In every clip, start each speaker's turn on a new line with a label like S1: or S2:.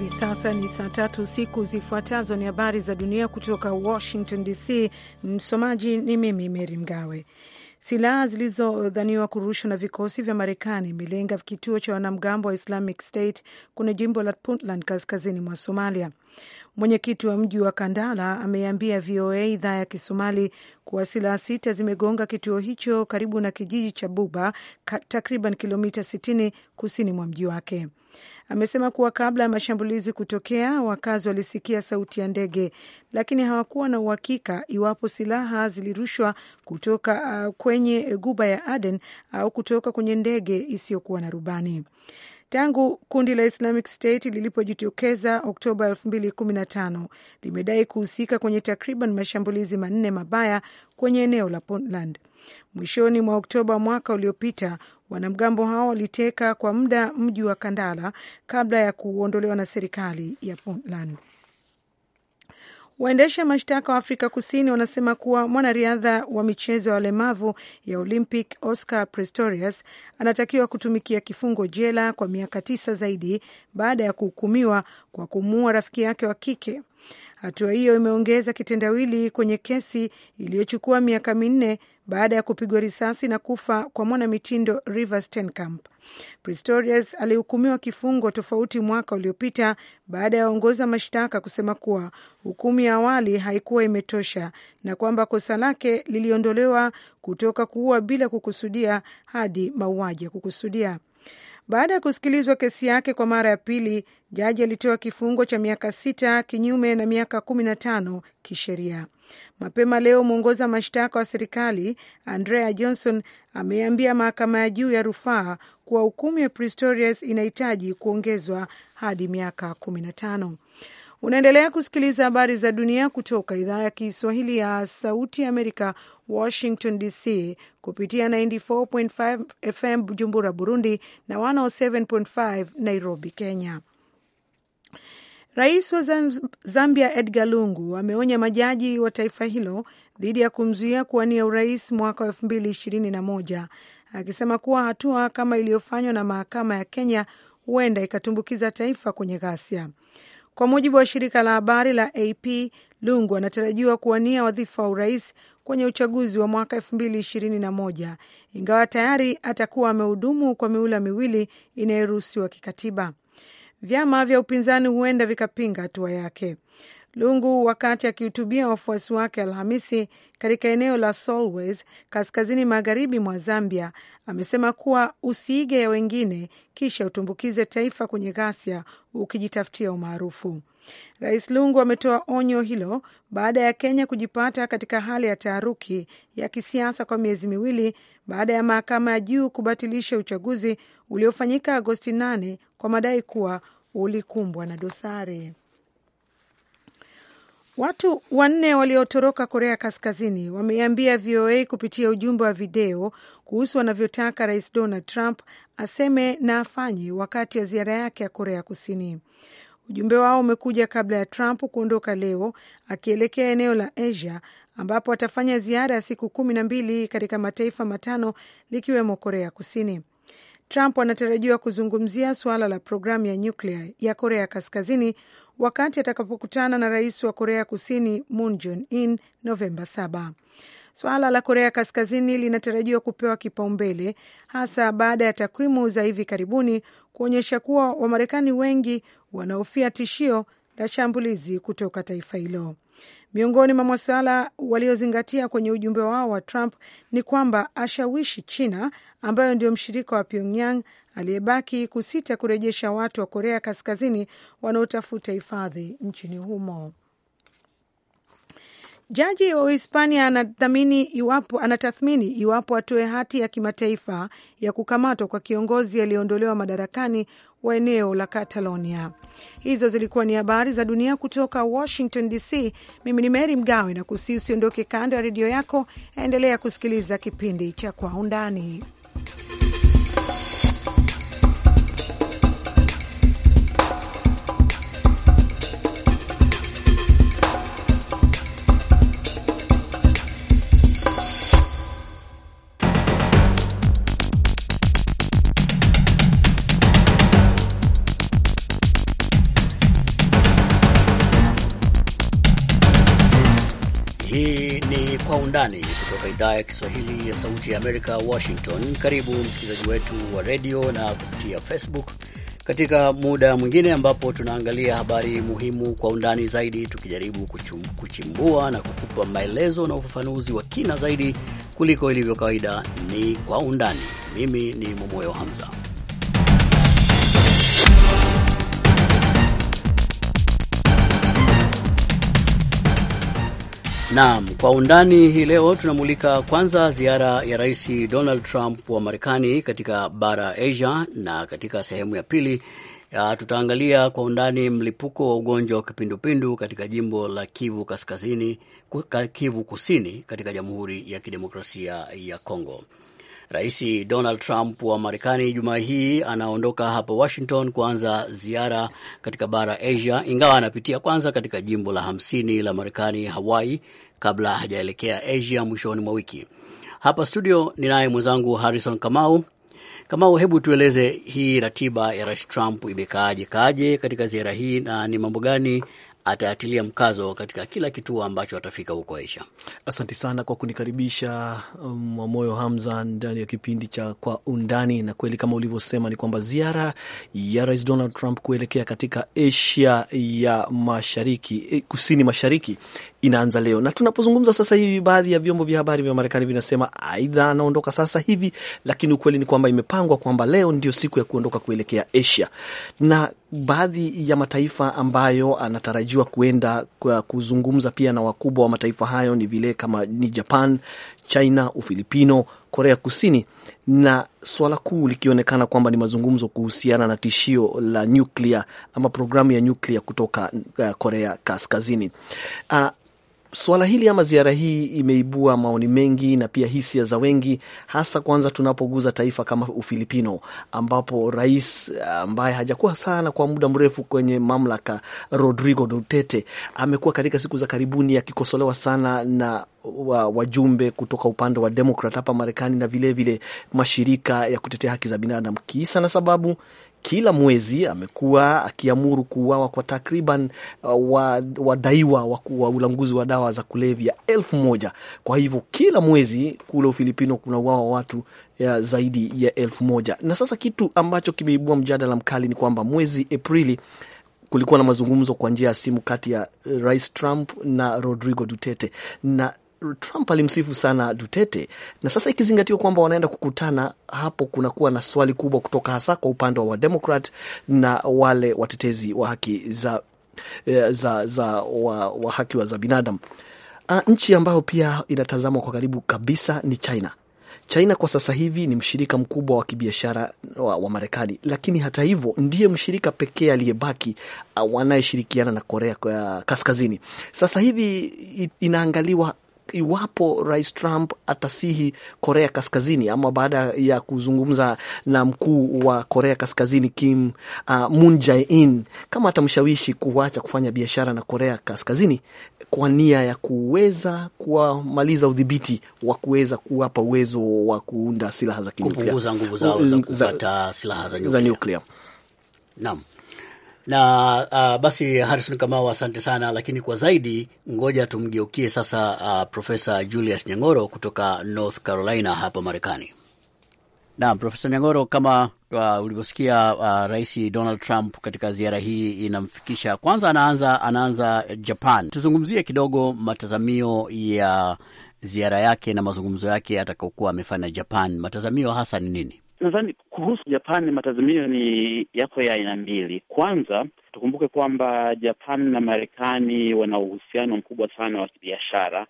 S1: Hivi sasa ni saa tatu siku zifuatazo. Ni habari za dunia kutoka Washington DC. Msomaji ni mimi Meri Mgawe. Silaha zilizodhaniwa kurushwa na vikosi vya Marekani imelenga kituo cha wanamgambo wa Islamic State kwenye jimbo la Puntland kaskazini mwa Somalia. Mwenyekiti wa mji wa Kandala ameambia VOA idhaa ya Kisomali kuwa silaha sita zimegonga kituo hicho karibu na kijiji cha Buba, takriban kilomita 60 kusini mwa mji wake. Amesema kuwa kabla ya mashambulizi kutokea, wakazi walisikia sauti ya ndege, lakini hawakuwa na uhakika iwapo silaha zilirushwa kutoka uh, kwenye guba ya Aden au kutoka kwenye ndege isiyokuwa na rubani. Tangu kundi la Islamic State lilipojitokeza Oktoba 2015 limedai kuhusika kwenye takriban mashambulizi manne mabaya kwenye eneo la Puntland. Mwishoni mwa Oktoba mwaka uliopita, wanamgambo hao waliteka kwa muda mji wa Kandala kabla ya kuondolewa na serikali ya Puntland. Waendesha mashtaka wa Afrika Kusini wanasema kuwa mwanariadha wa michezo ya walemavu ya Olympic Oscar Pistorius anatakiwa kutumikia kifungo jela kwa miaka tisa zaidi baada ya kuhukumiwa kwa kumuua rafiki yake wa kike. Hatua hiyo imeongeza kitendawili kwenye kesi iliyochukua miaka minne baada ya kupigwa risasi na kufa kwa mwanamitindo River Steenkamp. Pistorius alihukumiwa kifungo tofauti mwaka uliopita baada ya waongoza mashtaka kusema kuwa hukumu ya awali haikuwa imetosha na kwamba kosa lake liliondolewa kutoka kuua bila kukusudia hadi mauaji ya kukusudia. Baada ya kusikilizwa kesi yake kwa mara ya pili, jaji alitoa kifungo cha miaka sita kinyume na miaka kumi na tano kisheria. Mapema leo mwongoza mashtaka wa serikali Andrea Johnson ameambia mahakama ya juu ya rufaa kuwa hukumu ya Pistorius inahitaji kuongezwa hadi miaka kumi na tano. Unaendelea kusikiliza habari za dunia kutoka idhaa ya Kiswahili ya Sauti Amerika, Washington DC, kupitia 94.5 FM Bujumbura, Burundi na 107.5 Nairobi, Kenya. Rais wa Zambia Edgar Lungu ameonya majaji wa taifa hilo dhidi ya kumzuia kuwania urais mwaka wa e221 akisema kuwa hatua kama iliyofanywa na mahakama ya Kenya huenda ikatumbukiza taifa kwenye ghasia. Kwa mujibu wa shirika la habari la AP, Lungu anatarajiwa kuwania wadhifa wa urais kwenye uchaguzi wa mwaka elfu mbili ishirini na moja ingawa tayari atakuwa amehudumu kwa miula miwili inayoruhusiwa kikatiba. Vyama vya upinzani huenda vikapinga hatua yake. Lungu wakati akihutubia wafuasi wake Alhamisi katika eneo la Solwes kaskazini magharibi mwa Zambia amesema kuwa usiige ya wengine kisha utumbukize taifa kwenye ghasia ukijitafutia umaarufu. Rais Lungu ametoa onyo hilo baada ya Kenya kujipata katika hali ya taharuki ya kisiasa kwa miezi miwili baada ya mahakama ya juu kubatilisha uchaguzi uliofanyika Agosti 8 kwa madai kuwa ulikumbwa na dosari. Watu wanne waliotoroka Korea Kaskazini wameambia VOA kupitia ujumbe wa video kuhusu wanavyotaka Rais Donald Trump aseme na afanye wakati wa ziara yake ya Korea Kusini. Ujumbe wao umekuja kabla ya Trump kuondoka leo akielekea eneo la Asia ambapo atafanya ziara ya siku kumi na mbili katika mataifa matano likiwemo Korea Kusini. Trump anatarajiwa kuzungumzia suala la programu ya nyuklia ya Korea Kaskazini wakati atakapokutana na rais wa Korea Kusini Moon Jae-in Novemba 7. Suala la Korea Kaskazini linatarajiwa kupewa kipaumbele hasa baada ya takwimu za hivi karibuni kuonyesha kuwa Wamarekani wengi wanahofia tishio la shambulizi kutoka taifa hilo. Miongoni mwa masuala waliozingatia kwenye ujumbe wao wa Trump ni kwamba ashawishi China ambayo ndio mshirika wa Pyongyang aliyebaki kusita kurejesha watu wa Korea Kaskazini wanaotafuta hifadhi nchini humo. Jaji wa Uhispania iwapo anatathmini iwapo atoe hati ya kimataifa ya kukamatwa kwa kiongozi aliyeondolewa madarakani wa eneo la Catalonia. Hizo zilikuwa ni habari za dunia kutoka Washington DC. Mimi ni Mary Mgawe na kusi, usiondoke kando ya redio yako, endelea kusikiliza kipindi cha Kwa Undani.
S2: idhaa ya Kiswahili ya Sauti ya Amerika, Washington. Karibu msikilizaji wetu wa redio na kupitia Facebook katika muda mwingine ambapo tunaangalia habari muhimu kwa undani zaidi, tukijaribu kuchum, kuchimbua na kukupa maelezo na ufafanuzi wa kina zaidi kuliko ilivyo kawaida. Ni kwa undani. Mimi ni Momoyo Hamza. Naam, kwa undani hii leo tunamulika kwanza ziara ya Rais Donald Trump wa Marekani katika bara Asia, na katika sehemu ya pili ya tutaangalia kwa undani mlipuko wa ugonjwa wa kipindupindu katika jimbo la Kivu Kaskazini, Kivu Kusini katika Jamhuri ya Kidemokrasia ya Kongo. Rais Donald Trump wa Marekani Jumaa hii anaondoka hapa Washington kuanza ziara katika bara Asia, ingawa anapitia kwanza katika jimbo la hamsini la Marekani, Hawaii, kabla hajaelekea Asia mwishoni mwa wiki. Hapa studio ni naye mwenzangu Harrison Kamau. Kamau, hebu tueleze hii ratiba ya Rais Trump imekaaje kaaje katika ziara hii na ni mambo gani atayatilia mkazo katika kila kituo ambacho atafika huko Aisha.
S3: Asante sana kwa kunikaribisha um, Mwamoyo um, Hamza ndani ya kipindi cha Kwa Undani, na kweli kama ulivyosema ni kwamba ziara ya Rais Donald Trump kuelekea katika Asia ya mashariki, eh, kusini mashariki inaanza leo, na tunapozungumza sasa hivi, baadhi ya vyombo vya habari vya Marekani vinasema aidha anaondoka sasa hivi, lakini ukweli ni kwamba imepangwa kwamba leo ndio siku ya kuondoka kuelekea Asia na baadhi ya mataifa ambayo anatarajiwa kuenda kuzungumza pia na wakubwa wa mataifa hayo ni vile kama ni Japan, China, Ufilipino, Korea Kusini, na swala kuu likionekana kwamba ni mazungumzo kuhusiana na tishio la nyuklia ama programu ya nyuklia kutoka uh, Korea Kaskazini. Uh, swala hili ama ziara hii imeibua maoni mengi na pia hisia za wengi, hasa kwanza tunapoguza taifa kama Ufilipino, ambapo rais eh, ambaye hajakuwa sana kwa muda mrefu kwenye mamlaka, Rodrigo Duterte, amekuwa katika siku za karibuni akikosolewa sana na wajumbe kutoka upande wa Demokrat hapa Marekani na vilevile vile mashirika ya kutetea haki za binadamu, kisa na sababu kila mwezi amekuwa akiamuru kuuawa kwa takriban uh, wadaiwa wa, wa ulanguzi wa dawa za kulevya elfu moja. Kwa hivyo kila mwezi kule Ufilipino kuna uawa watu ya zaidi ya elfu moja. Na sasa kitu ambacho kimeibua mjadala mkali ni kwamba mwezi Aprili kulikuwa na mazungumzo kwa njia ya simu kati ya eh, Rais Trump na Rodrigo Duterte na Trump alimsifu sana Duterte, na sasa ikizingatiwa kwamba wanaenda kukutana hapo, kunakuwa na swali kubwa kutoka hasa kwa upande wa Wademokrat na wale watetezi wa haki za, eh, za, za wa, wa haki wa za binadamu. Ah, nchi ambayo pia inatazamwa kwa karibu kabisa ni China. China kwa sasa hivi ni mshirika mkubwa wa kibiashara wa, wa Marekani, lakini hata hivyo ndiye mshirika pekee aliyebaki ah, wanayeshirikiana na Korea ah, Kaskazini. Sasa hivi inaangaliwa iwapo Rais Trump atasihi Korea Kaskazini ama baada ya kuzungumza na mkuu wa Korea Kaskazini Kim uh, Moon Jae-in, kama atamshawishi kuacha kufanya biashara na Korea Kaskazini kwa nia ya kuweza kuwamaliza udhibiti wa kuweza kuwapa uwezo wa kuunda silaha za kinuklia, kupunguza nguvu zao za kupata silaha za nyuklia.
S2: Naam na uh, basi Harrison Kamau, asante sana, lakini kwa zaidi, ngoja tumgeukie sasa uh, Profesa Julius Nyang'oro kutoka North Carolina hapa Marekani. Naam, Profesa Nyang'oro, kama uh, ulivyosikia uh, Rais Donald Trump katika ziara hii inamfikisha kwanza, anaanza anaanza Japan. Tuzungumzie kidogo matazamio ya ziara yake na mazungumzo yake atakaokuwa amefanya Japan. Matazamio hasa ni nini?
S4: Nadhani kuhusu Japani matazimio ni yako ya aina mbili. Kwanza tukumbuke kwamba Japani na Marekani wana uhusiano mkubwa sana wa kibiashara,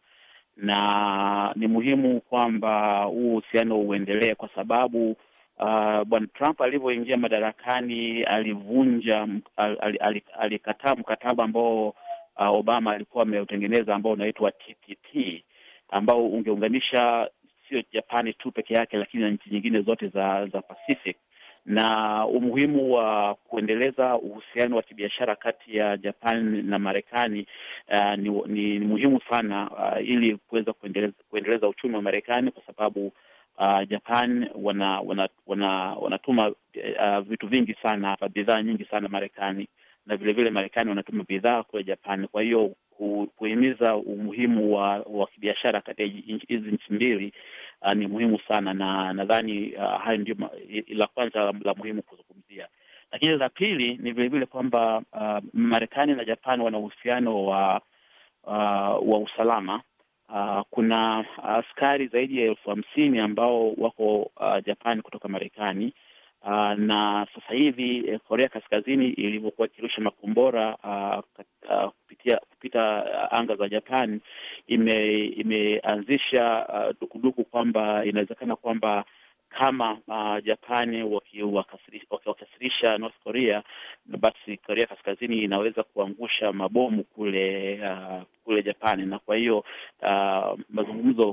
S4: na ni muhimu kwamba huu uhusiano uendelee kwa sababu uh, bwana Trump alivyoingia madarakani alivunja al, al, al, alikataa mkataba ambao uh, Obama alikuwa ameutengeneza ambao unaitwa TPP ambao ungeunganisha sio Japani tu peke yake, lakini na nchi nyingine zote za za Pacific, na umuhimu wa kuendeleza uhusiano wa kibiashara kati ya Japan na Marekani uh, ni, ni, ni muhimu sana uh, ili kuweza kuendeleza, kuendeleza uchumi wa Marekani kwa sababu Uh, Japan wana wanatuma wana, wana uh, vitu vingi sana hapa, bidhaa nyingi sana Marekani, na vilevile Marekani wanatuma bidhaa kule Japan. Kwa hiyo kuhimiza umuhimu wa wa kibiashara ya hizi nchi mbili uh, ni muhimu sana, na nadhani uh, hayo ndio la kwanza la, la muhimu
S2: kuzungumzia.
S4: Lakini la pili ni vilevile kwamba uh, Marekani na Japan wana uhusiano wa uh, wa usalama uh, kuna askari zaidi ya elfu hamsini ambao wako uh, Japan kutoka Marekani Uh, na sasa hivi eh, Korea Kaskazini ilivyokuwa ikirusha makombora uh, kupitia kupita anga za Japan, ime- imeanzisha uh, dukuduku kwamba inawezekana kwamba kama uh, Japani wakiwakasirisha North Korea, basi Korea Kaskazini inaweza kuangusha mabomu kule uh, kule Japani. Na kwa hiyo uh, mazungumzo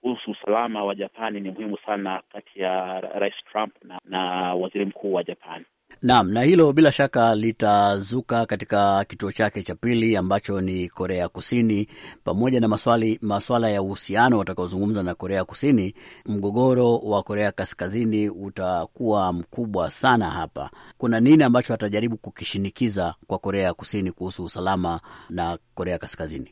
S4: kuhusu usalama wa Japani ni muhimu sana kati ya Rais Trump na, na waziri mkuu wa Japani.
S2: Naam, na hilo bila shaka litazuka katika kituo chake cha pili ambacho ni Korea Kusini, pamoja na maswali, maswala ya uhusiano watakaozungumza na Korea Kusini. Mgogoro wa Korea Kaskazini utakuwa mkubwa sana hapa. Kuna nini ambacho atajaribu kukishinikiza kwa Korea Kusini kuhusu usalama na Korea Kaskazini?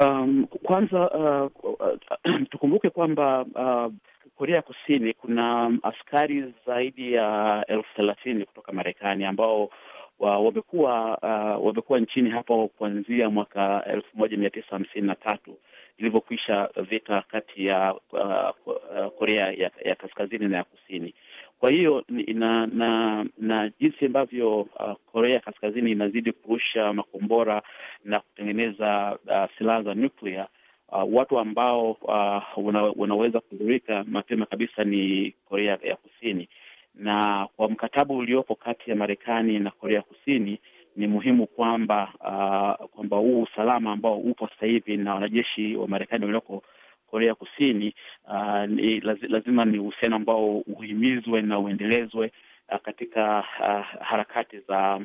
S4: Um, kwanza uh, uh, uh tukumbuke kwamba uh, Korea ya Kusini kuna um, askari zaidi ya elfu thelathini kutoka Marekani ambao wamekuwa uh, wamekuwa nchini hapa kuanzia mwaka elfu moja mia tisa hamsini na tatu ilivyokwisha vita kati ya uh, uh Korea ya, ya Kaskazini na ya Kusini. Kwa hiyo na, na, na jinsi ambavyo uh, Korea Kaskazini inazidi kurusha makombora na kutengeneza uh, silaha za nuclear uh, watu ambao uh, una, unaweza kudhurika mapema kabisa ni Korea ya Kusini, na kwa mkataba uliopo kati ya Marekani na Korea Kusini ni muhimu kwamba uh, kwamba huu usalama ambao upo sasa hivi na wanajeshi wa Marekani walioko Korea Kusini uh, ni, lazima ni uhusiano ambao uhimizwe na uendelezwe Uh, katika uh, harakati za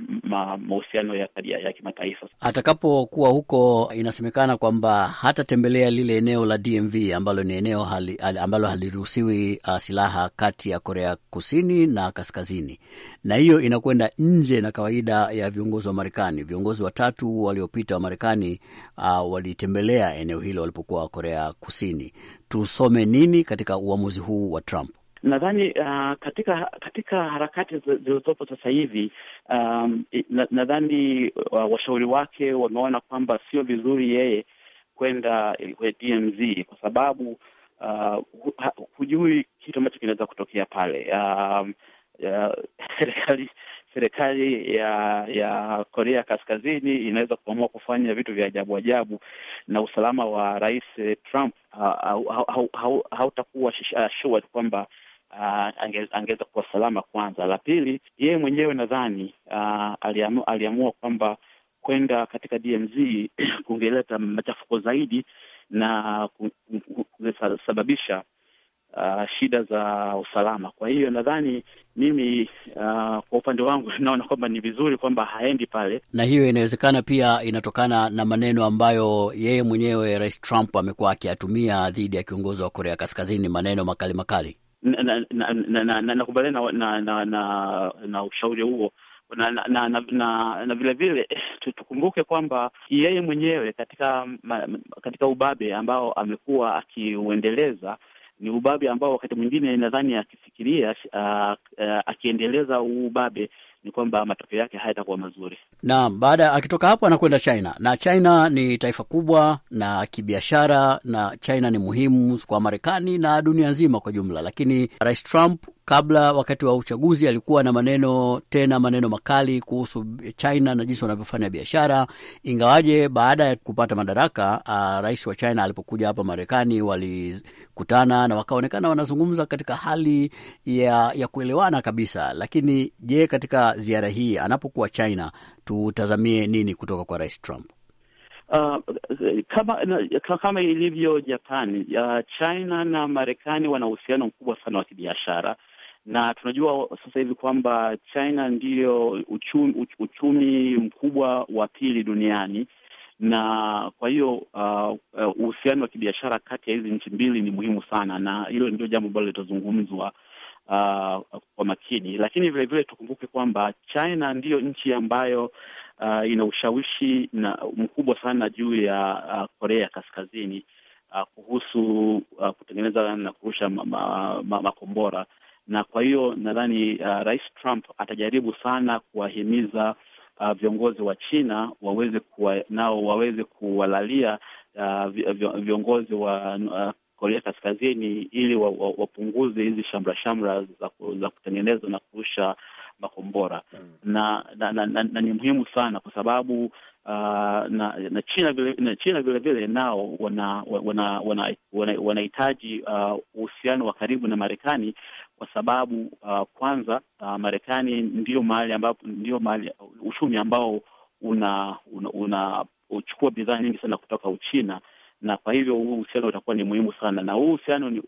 S4: mahusiano ya, ya kimataifa.
S2: Atakapokuwa huko, inasemekana kwamba hatatembelea lile eneo la DMV ambalo ni eneo hali, ambalo haliruhusiwi uh, silaha kati ya Korea Kusini na Kaskazini, na hiyo inakwenda nje na kawaida ya viongozi wa Marekani. Viongozi watatu waliopita wa Marekani uh, walitembelea eneo hilo walipokuwa Korea Kusini. Tusome nini katika uamuzi huu wa Trump?
S4: nadhani uh, katika katika harakati zilizopo sasa hivi um, nadhani uh, washauri wake wameona kwamba sio vizuri yeye kwenda kwenye eh, DMZ kwa sababu uh, hujui kitu ambacho kinaweza kutokea pale. Um, serikali serikali ya ya Korea Kaskazini inaweza kuamua kufanya vitu vya ajabu ajabu, na usalama wa Rais Trump uh, hautakuwa uh, uh, uh, uh, uh, uh, kwamba uh, angeweza kuwa salama kwanza. La pili, yeye mwenyewe nadhani uh, ah, aliamu, aliamua kwamba kwenda katika DMZ kungeleta machafuko zaidi na kungesababisha uh, ah, shida za usalama. Kwa hiyo nadhani mimi uh, kwa upande wangu naona kwamba ni vizuri kwamba haendi pale,
S2: na hiyo inawezekana pia inatokana na maneno ambayo yeye mwenyewe Rais Trump amekuwa akiyatumia dhidi ya kiongozi wa Korea Kaskazini, maneno makali makali
S4: nakubaliana na ushauri huo na vile vile tukumbuke kwamba yeye mwenyewe katika katika ubabe ambao amekuwa akiuendeleza ni ubabe ambao wakati mwingine nadhani akifikiria akiendeleza ubabe ni kwamba matokeo yake hayatakuwa mazuri.
S2: Naam, baada akitoka hapo anakwenda China, na China ni taifa kubwa na kibiashara, na China ni muhimu kwa Marekani na dunia nzima kwa jumla. Lakini Rais Trump kabla, wakati wa uchaguzi, alikuwa na maneno tena maneno makali kuhusu China na jinsi wanavyofanya biashara, ingawaje baada ya kupata madaraka uh, rais wa China alipokuja hapa Marekani walikutana na wakaonekana wanazungumza katika hali ya, ya kuelewana kabisa. Lakini je, katika ziara hii anapokuwa China, tutazamie nini kutoka kwa Rais Trump?
S4: Uh, kama kama ilivyo Japani, uh, China na Marekani wana uhusiano mkubwa sana wa kibiashara, na tunajua sasa hivi kwamba China ndiyo uchumi, uchumi mkubwa wa pili duniani, na kwa hiyo uh, uh, uhusiano wa kibiashara kati ya hizi nchi mbili ni muhimu sana, na hilo ndio jambo ambalo litazungumzwa uh, kwa makini, lakini vilevile tukumbuke kwamba China ndiyo nchi ambayo uh, ina ushawishi na mkubwa sana juu ya uh, Korea ya Kaskazini uh, kuhusu uh, kutengeneza na kurusha makombora ma, ma, ma na kwa hiyo nadhani uh, Rais Trump atajaribu sana kuwahimiza uh, viongozi wa China waweze kuwa, nao waweze kuwalalia uh, viongozi wa uh, Korea Kaskazini ili wapunguze wa, wa hizi shamra shamra za, za kutengeneza na kurusha makombora mm. na, na, na, na, na ni muhimu sana kwa sababu uh, na, na China vile na China vile vile nao wanahitaji wana, wana, wana, wana uh, uhusiano uh, wa karibu na Marekani kwa sababu uh, kwanza uh, Marekani ndio mahali ambapo ndio mahali uchumi ambao una, una, una uchukua bidhaa nyingi sana kutoka Uchina na kwa hivyo huu uhusiano utakuwa ni muhimu sana, na huu uhusiano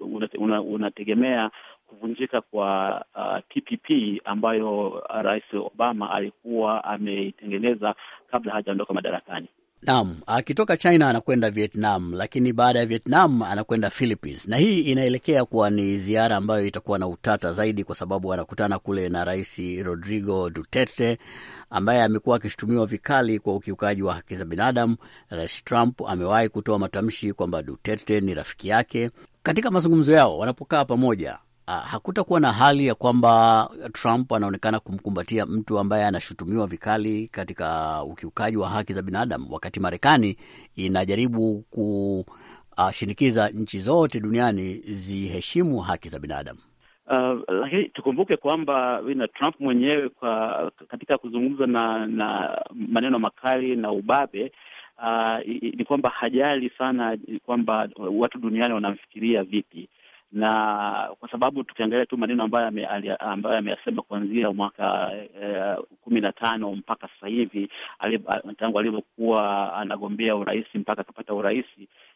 S4: unategemea kuvunjika kwa uh, TPP ambayo uh, Rais Obama alikuwa
S2: ameitengeneza kabla hajaondoka madarakani. Naam, akitoka China anakwenda Vietnam, lakini baada ya Vietnam anakwenda Philippines, na hii inaelekea kuwa ni ziara ambayo itakuwa na utata zaidi, kwa sababu anakutana kule na Rais Rodrigo Duterte ambaye amekuwa akishutumiwa vikali kwa ukiukaji wa haki za binadamu. Rais Trump amewahi kutoa matamshi kwamba Duterte ni rafiki yake. Katika mazungumzo yao wanapokaa pamoja Ah, hakutakuwa na hali ya kwamba Trump anaonekana kumkumbatia mtu ambaye anashutumiwa vikali katika ukiukaji wa haki za binadamu, wakati Marekani inajaribu kushinikiza nchi zote duniani ziheshimu haki za binadamu.
S4: Uh, lakini tukumbuke kwamba na Trump mwenyewe kwa katika kuzungumza na na maneno makali na ubabe uh, ni kwamba hajali sana kwamba watu duniani wanamfikiria vipi na kwa sababu tukiangalia tu maneno ambayo ambayo ameyasema kuanzia mwaka eh, kumi na tano mpaka sasa hivi tangu alivyokuwa anagombea urais mpaka akapata urais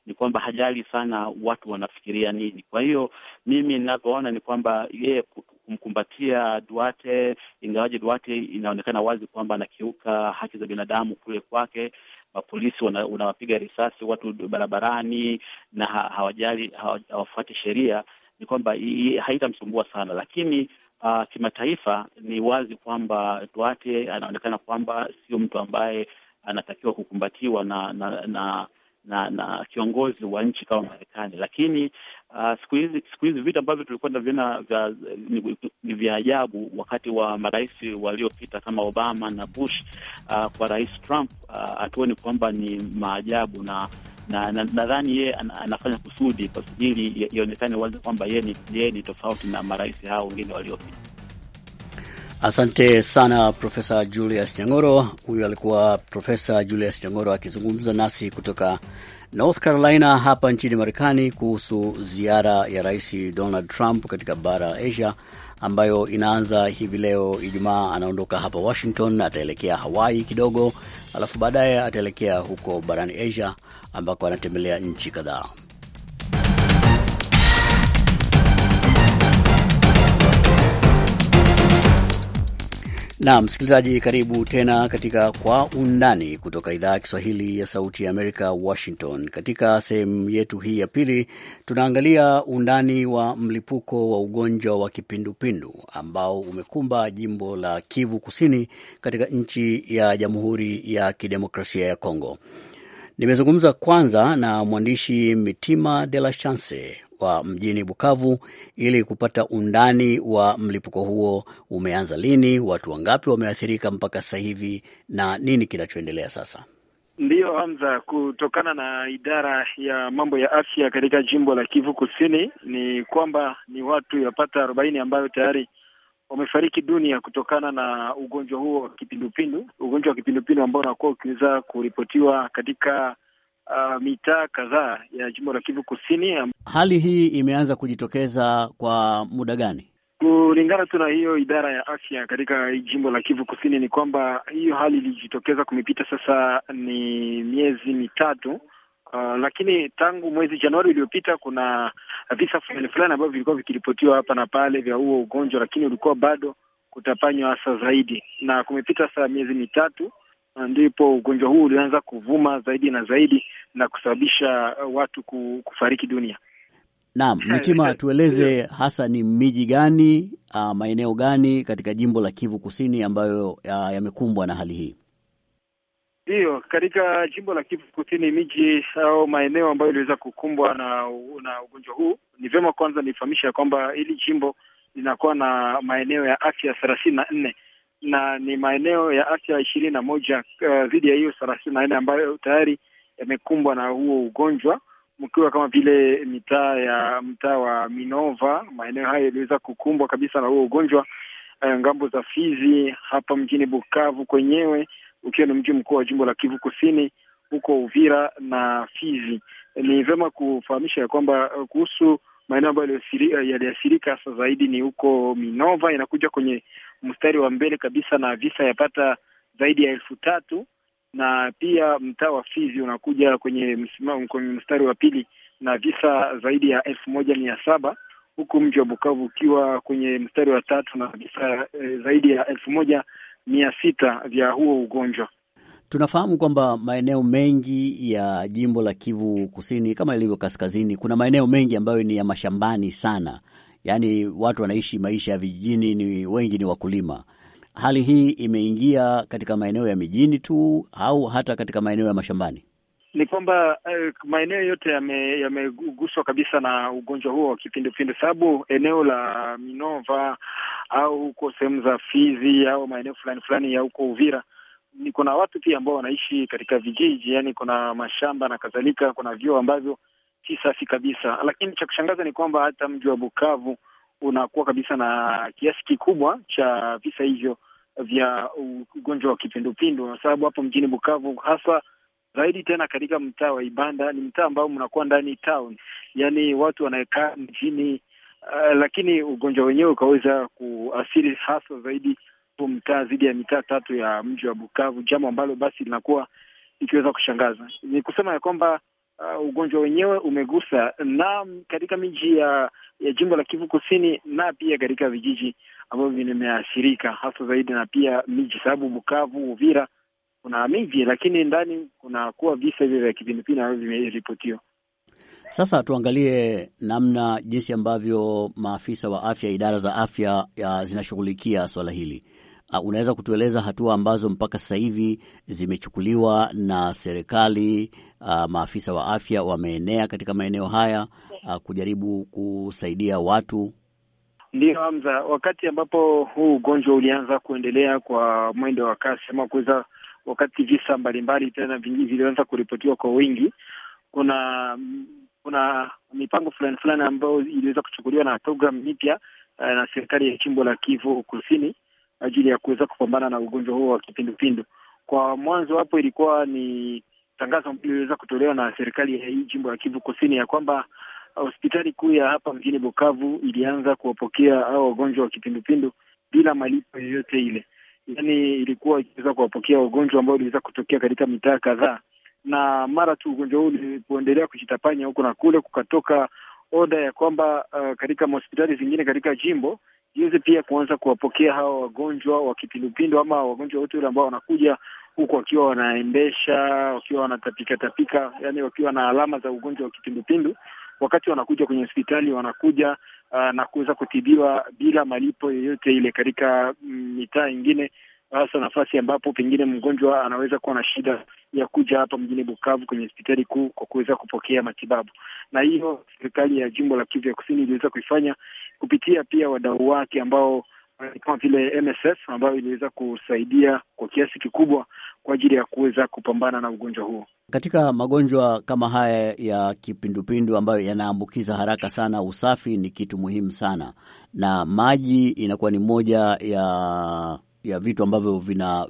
S4: ni kwamba hajali sana watu wanafikiria nini. Kwa hiyo mimi ninavyoona ni kwamba yeye kumkumbatia Duarte, ingawaje Duarte inaonekana wazi kwamba anakiuka haki za binadamu kule kwake, mapolisi unawapiga risasi watu barabarani na hawajali, hawafuati sheria, ni kwamba haitamsumbua sana, lakini uh, kimataifa ni wazi kwamba Duarte anaonekana kwamba sio mtu ambaye anatakiwa kukumbatiwa na na, na na na kiongozi wa nchi kama Marekani. Lakini uh, siku hizi vitu ambavyo tulikuwa tunaviona ni vya ajabu wakati wa marais waliopita kama Obama na Bush, uh, kwa rais Trump uh, hatuoni uh, kwamba ni maajabu na nadhani na, na yeye an, anafanya kusudi ili ionekane wazi kwamba yeye ni tofauti na marais hao wengine waliopita.
S2: Asante sana Profesa Julius Nyang'oro. Huyu alikuwa Profesa Julius Nyang'oro akizungumza nasi kutoka North Carolina hapa nchini Marekani kuhusu ziara ya Rais Donald Trump katika bara la Asia ambayo inaanza hivi leo Ijumaa. Anaondoka hapa Washington, ataelekea Hawaii kidogo, alafu baadaye ataelekea huko barani Asia ambako anatembelea nchi kadhaa. Na msikilizaji, karibu tena katika Kwa Undani kutoka idhaa ya Kiswahili ya Sauti ya Amerika, Washington. Katika sehemu yetu hii ya pili, tunaangalia undani wa mlipuko wa ugonjwa wa kipindupindu ambao umekumba jimbo la Kivu Kusini katika nchi ya Jamhuri ya Kidemokrasia ya Kongo. Nimezungumza kwanza na mwandishi Mitima de la Chance wa mjini Bukavu ili kupata undani wa mlipuko huo. Umeanza lini? Watu wangapi wameathirika mpaka sasa hivi, na nini kinachoendelea sasa?
S5: Ndiyo, Hamza, kutokana na idara ya mambo ya afya katika jimbo la Kivu Kusini ni kwamba ni watu yapata arobaini ambayo tayari wamefariki dunia kutokana na ugonjwa huo wa kipindupindu, ugonjwa wa kipindupindu ambao unakuwa ukiweza kuripotiwa katika uh, mitaa kadhaa ya jimbo la Kivu Kusini.
S2: Hali hii imeanza kujitokeza kwa muda gani?
S5: Kulingana tu na hiyo idara ya afya katika jimbo la Kivu Kusini ni kwamba hiyo hali ilijitokeza kumepita sasa ni miezi mitatu Uh, lakini tangu mwezi Januari uliopita kuna visa fulani fulani ambavyo vilikuwa vikiripotiwa hapa na pale vya huo ugonjwa, lakini ulikuwa bado kutapanywa hasa zaidi, na kumepita sasa miezi mitatu uh, ndipo ugonjwa huu ulianza kuvuma zaidi na zaidi na kusababisha uh, watu kufariki dunia.
S2: Naam, Mitima, tueleze hasa ni miji gani, uh, maeneo gani katika jimbo la Kivu Kusini ambayo uh, yamekumbwa na hali hii?
S5: Ndiyo, katika jimbo la Kivu Kusini, miji au maeneo ambayo iliweza kukumbwa na na ugonjwa huu, ni vyema kwanza nifahamisha ya kwamba hili jimbo linakuwa na maeneo ya afya thelathini na nne na ni maeneo ya afya ishirini na moja eh, dhidi ya hiyo thelathini na nne ambayo tayari yamekumbwa na huo ugonjwa, mkiwa kama vile mitaa ya mtaa wa Minova. Maeneo hayo yaliweza kukumbwa kabisa na huo ugonjwa, eh, ngambo za Fizi hapa mjini Bukavu kwenyewe ukiwa ni mji mkuu wa jimbo la Kivu Kusini, huko Uvira na Fizi. Ni vyema kufahamisha ya kwamba uh, kuhusu maeneo ambayo yaliathirika uh, hasa zaidi ni huko Minova, inakuja kwenye mstari wa mbele kabisa na visa yapata zaidi ya elfu tatu na pia mtaa wa Fizi unakuja kwenye mstari wa pili na visa zaidi ya elfu moja mia saba huku mji wa Bukavu ukiwa kwenye mstari wa tatu na visa uh, zaidi ya elfu moja mia sita vya huo ugonjwa.
S2: Tunafahamu kwamba maeneo mengi ya jimbo la Kivu Kusini kama ilivyo kaskazini, kuna maeneo mengi ambayo ni ya mashambani sana, yaani watu wanaishi maisha ya vijijini, ni wengi ni wakulima. Hali hii imeingia katika maeneo ya mijini tu au hata katika maeneo ya mashambani?
S5: Ni kwamba uh, maeneo yote yameguswa yame kabisa na ugonjwa huo wa kipindupindu, sababu eneo la Minova au huko sehemu za Fizi au maeneo fulani fulani ya huko Uvira. Ni kuna watu pia ambao wanaishi katika vijiji, yani kuna mashamba na kadhalika, kuna vyoo ambavyo si safi kabisa. Lakini cha kushangaza ni kwamba hata mji wa Bukavu unakuwa kabisa na kiasi kikubwa cha visa hivyo vya ugonjwa wa kipindupindu, kwa sababu hapo mjini Bukavu hasa zaidi tena katika mtaa wa Ibanda ni mtaa ambao mnakuwa ndani town, watu wanaekaa mjini uh, lakini ugonjwa wenyewe ukaweza kuathiri hasa zaidi po mtaa dhidi ya mitaa tatu ya mji wa Bukavu, jambo ambalo basi linakuwa ikiweza kushangaza ni kusema ya kwamba uh, ugonjwa wenyewe umegusa na katika miji ya, ya jimbo la Kivu Kusini na pia katika vijiji ambavyo vimeathirika hasa zaidi na pia miji, sababu Bukavu, Uvira kuna miji lakini ndani kunakuwa visa hivyo vya kipindupindu ambavyo vimeripotiwa.
S2: Sasa tuangalie namna jinsi ambavyo maafisa wa afya, idara za afya zinashughulikia swala hili. Uh, unaweza kutueleza hatua ambazo mpaka sasa hivi zimechukuliwa na serikali, uh, maafisa wa afya wameenea katika maeneo haya uh, kujaribu kusaidia watu?
S5: Ndiyo, Hamza, wakati ambapo huu ugonjwa ulianza kuendelea kwa mwendo wa kasi ama kuweza, wakati visa mbalimbali tena vingi vilianza kuripotiwa kwa wingi, kuna kuna mipango fulani fulani ambayo iliweza kuchukuliwa na programu mpya uh, na serikali ya jimbo la Kivu Kusini ajili ya kuweza kupambana na ugonjwa huo wa kipindupindu. Kwa mwanzo hapo ilikuwa ni tangazo ambayo iliweza kutolewa na serikali ya hii jimbo la Kivu Kusini ya kwamba hospitali kuu ya hapa mjini Bukavu ilianza kuwapokea au wagonjwa wa kipindupindu bila malipo yoyote ile, yaani ilikuwa ikiweza kuwapokea wagonjwa ambao iliweza kutokea katika mitaa kadhaa na mara tu ugonjwa huu ulipoendelea kujitapanya huko na kule, kukatoka oda ya kwamba uh, katika mahospitali zingine katika jimbo iweze pia kuanza kuwapokea hawa wagonjwa wa kipindupindu ama wagonjwa wote wale ambao wanakuja huku wakiwa wanaendesha, wakiwa wanatapika tapika, yani wakiwa na alama za ugonjwa wa kipindupindu. Wakati wanakuja kwenye hospitali wanakuja uh, na kuweza kutibiwa bila malipo yoyote ile katika mm, mitaa ingine hasa nafasi ambapo pengine mgonjwa anaweza kuwa na shida ya kuja hapa mjini Bukavu kwenye hospitali kuu kwa kuweza kupokea matibabu, na hiyo serikali ya jimbo la Kivu ya Kusini iliweza kuifanya kupitia pia wadau wake ambao eh, kama vile MSF ambayo iliweza kusaidia kwa kiasi kikubwa kwa ajili ya kuweza kupambana na ugonjwa huo.
S2: Katika magonjwa kama haya ya kipindupindu ambayo yanaambukiza haraka sana, usafi ni kitu muhimu sana, na maji inakuwa ni moja ya ya vitu ambavyo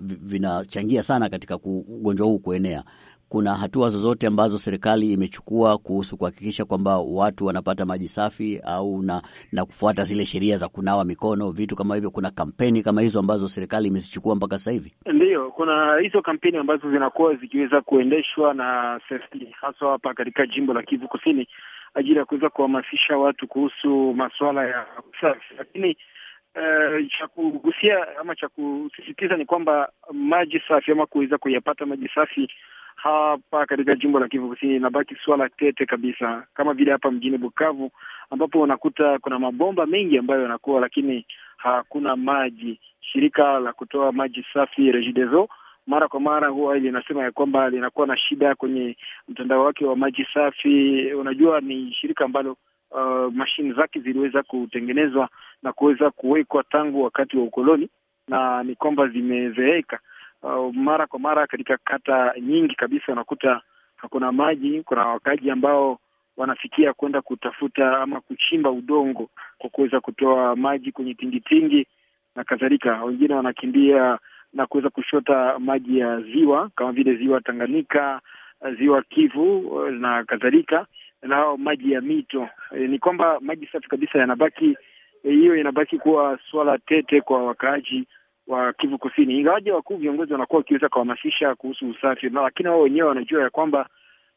S2: vinachangia vina sana katika ugonjwa huu kuenea. Kuna hatua zozote ambazo serikali imechukua kuhusu kuhakikisha kwamba watu wanapata maji safi au na, na kufuata zile sheria za kunawa mikono, vitu kama hivyo? Kuna kampeni kama hizo ambazo serikali imezichukua mpaka sasa hivi?
S5: Ndiyo, kuna hizo kampeni ambazo zinakuwa zikiweza kuendeshwa na serikali, haswa hapa katika jimbo la Kivu Kusini, ajili ya kuweza kuhamasisha watu kuhusu masuala ya usafi, lakini Uh, cha kugusia ama cha kusisitiza ni kwamba maji safi ama kuweza kuyapata maji safi hapa katika jimbo la Kivu Kusini inabaki swala tete kabisa, kama vile hapa mjini Bukavu ambapo unakuta kuna mabomba mengi ambayo yanakuwa, lakini hakuna maji. Shirika la kutoa maji safi Regideso mara kwa mara huwa linasema ya kwamba linakuwa na shida kwenye mtandao wake wa maji safi. Unajua, ni shirika ambalo uh, eh, mashine zake ziliweza kutengenezwa na kuweza kuwekwa tangu wakati wa ukoloni, na ni kwamba zimezeeka. Uh, mara kwa mara katika kata nyingi kabisa unakuta hakuna maji. Kuna wakaji ambao wanafikia kwenda kutafuta ama kuchimba udongo kwa kuweza kutoa maji kwenye tingitingi na kadhalika. Wengine wanakimbia na kuweza kushota maji ya ziwa kama vile ziwa Tanganyika, ziwa Kivu uh, na kadhalika, na maji ya mito. E, ni kwamba maji safi kabisa yanabaki E, hiyo inabaki kuwa swala tete kwa wakaaji wa Kivu Kusini, ingawaje wakuu viongozi wanakuwa wakiweza kuhamasisha kuhusu usafi, lakini wao wenyewe wanajua ya kwamba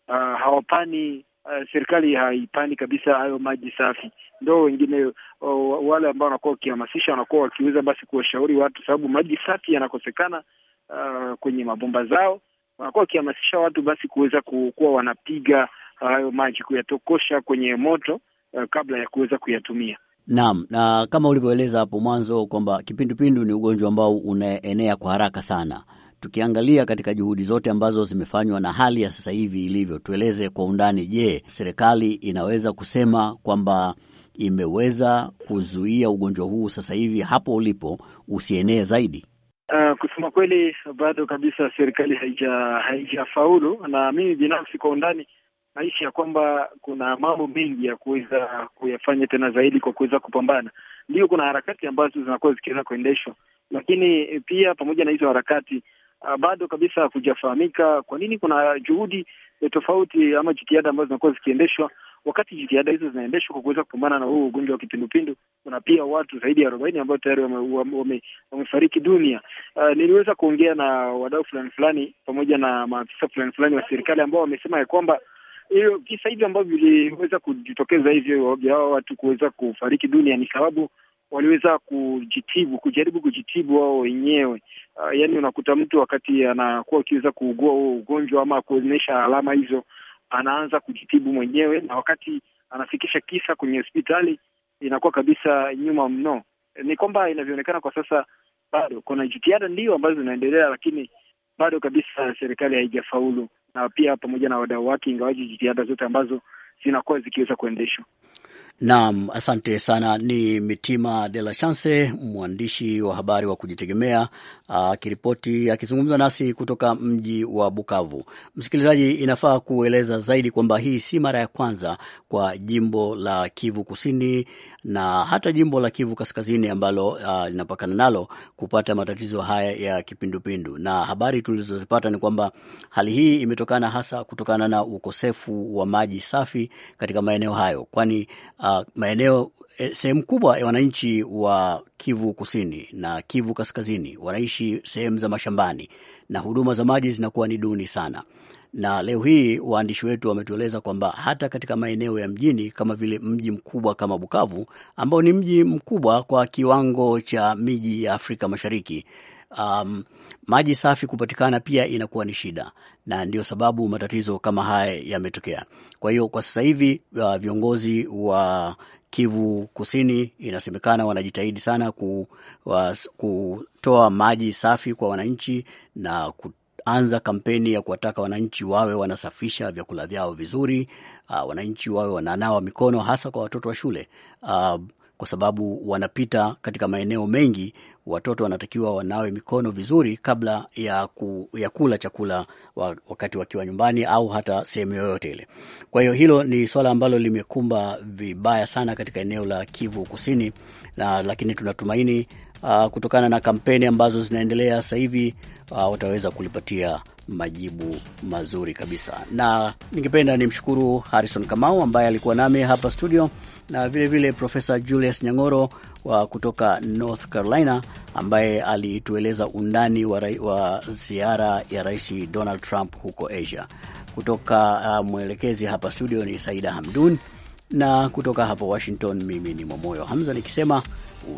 S5: uh, hawapani uh, serikali haipani kabisa hayo maji safi. Ndo wengine uh, wale ambao wanakuwa wakihamasisha wanakuwa wakiweza basi kuwashauri watu, sababu maji safi yanakosekana uh, kwenye mabomba zao. Wanakuwa wakihamasisha watu basi kuweza kuwa wanapiga hayo uh, maji kuyatokosha kwenye moto uh, kabla ya kuweza kuyatumia.
S2: Naam, na kama ulivyoeleza hapo mwanzo kwamba kipindupindu ni ugonjwa ambao unaenea kwa haraka sana. Tukiangalia katika juhudi zote ambazo zimefanywa na hali ya sasa hivi ilivyo, tueleze kwa undani. Je, serikali inaweza kusema kwamba imeweza kuzuia ugonjwa huu sasa hivi hapo ulipo usienee zaidi?
S5: Uh, kusema kweli bado kabisa serikali haija haijafaulu, na mimi binafsi kwa undani naishi ya kwamba kuna mambo mengi ya kuweza kuyafanya tena zaidi kwa kuweza kupambana. Ndio, kuna harakati ambazo zinakuwa zikiweza kuendeshwa, lakini eh, pia pamoja na hizo harakati ah, bado kabisa hakujafahamika kwa nini kuna juhudi eh, tofauti ama jitihada ambazo zinakuwa zikiendeshwa. Wakati jitihada hizo zinaendeshwa kwa kuweza kupambana na huu ugonjwa wa kipindupindu, kuna pia watu zaidi ya arobaini ambao tayari wamefariki wame, dunia. Uh, niliweza kuongea na wadau fulani fulani pamoja na maafisa fulani fulani wa serikali ambao wamesema ya kwamba hiyo visa hivyo ambavyo viliweza kujitokeza hivyo vya hao watu kuweza kufariki dunia ni sababu waliweza kujitibu, kujaribu kujitibu wao wenyewe. Uh, ah, yani unakuta mtu wakati anakuwa akiweza kuugua huo ugonjwa ama kuonyesha alama hizo, anaanza kujitibu mwenyewe, na wakati anafikisha kisa kwenye hospitali inakuwa kabisa nyuma mno. Ni kwamba inavyoonekana kwa sasa bado kuna jitihada ndio ambazo zinaendelea, lakini bado kabisa serikali haijafaulu na pia pamoja na wadau wake, ingawaji jitihada zote ambazo zinakuwa zikiweza kuendeshwa
S2: Naam, asante sana. Ni Mitima de la Chance, mwandishi wa habari wa kujitegemea akiripoti, akizungumza nasi kutoka mji wa Bukavu. Msikilizaji, inafaa kueleza zaidi kwamba hii si mara ya kwanza kwa jimbo la Kivu Kusini na hata jimbo la Kivu Kaskazini ambalo uh, linapakana uh, nalo kupata matatizo haya ya kipindupindu, na habari tulizozipata ni kwamba hali hii imetokana hasa kutokana na ukosefu wa maji safi katika maeneo hayo, kwani uh, maeneo eh, sehemu kubwa ya wananchi wa Kivu Kusini na Kivu Kaskazini wanaishi sehemu za mashambani na huduma za maji zinakuwa ni duni sana. Na leo hii waandishi wetu wametueleza kwamba hata katika maeneo ya mjini kama vile mji mkubwa kama Bukavu, ambao ni mji mkubwa kwa kiwango cha miji ya Afrika Mashariki, um, maji safi kupatikana pia inakuwa ni shida, na ndio sababu matatizo kama haya yametokea. Kwa hiyo kwa sasa hivi uh, viongozi wa Kivu Kusini inasemekana wanajitahidi sana ku, wa, kutoa maji safi kwa wananchi na kuanza kampeni ya kuwataka wananchi wawe wanasafisha vyakula vyao vizuri, uh, wananchi wawe wananawa mikono hasa kwa watoto wa shule uh, kwa sababu wanapita katika maeneo mengi watoto wanatakiwa wanawe mikono vizuri kabla ya, ku, ya kula chakula wakati wakiwa nyumbani au hata sehemu yoyote ile. Kwa hiyo hilo ni swala ambalo limekumba vibaya sana katika eneo la Kivu Kusini na, lakini tunatumaini uh, kutokana na kampeni ambazo zinaendelea sasa hivi uh, wataweza kulipatia majibu mazuri kabisa, na ningependa nimshukuru Harrison Kamau ambaye alikuwa nami hapa studio na vilevile Profesa Julius Nyang'oro wa kutoka North Carolina ambaye alitueleza undani wa, wa ziara ya Rais Donald Trump huko Asia. Kutoka uh, mwelekezi hapa studio ni Saida Hamdun, na kutoka hapa Washington mimi ni Momoyo Hamza nikisema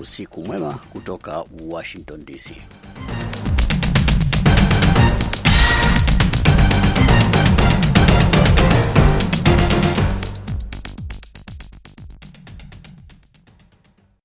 S2: usiku mwema kutoka Washington DC.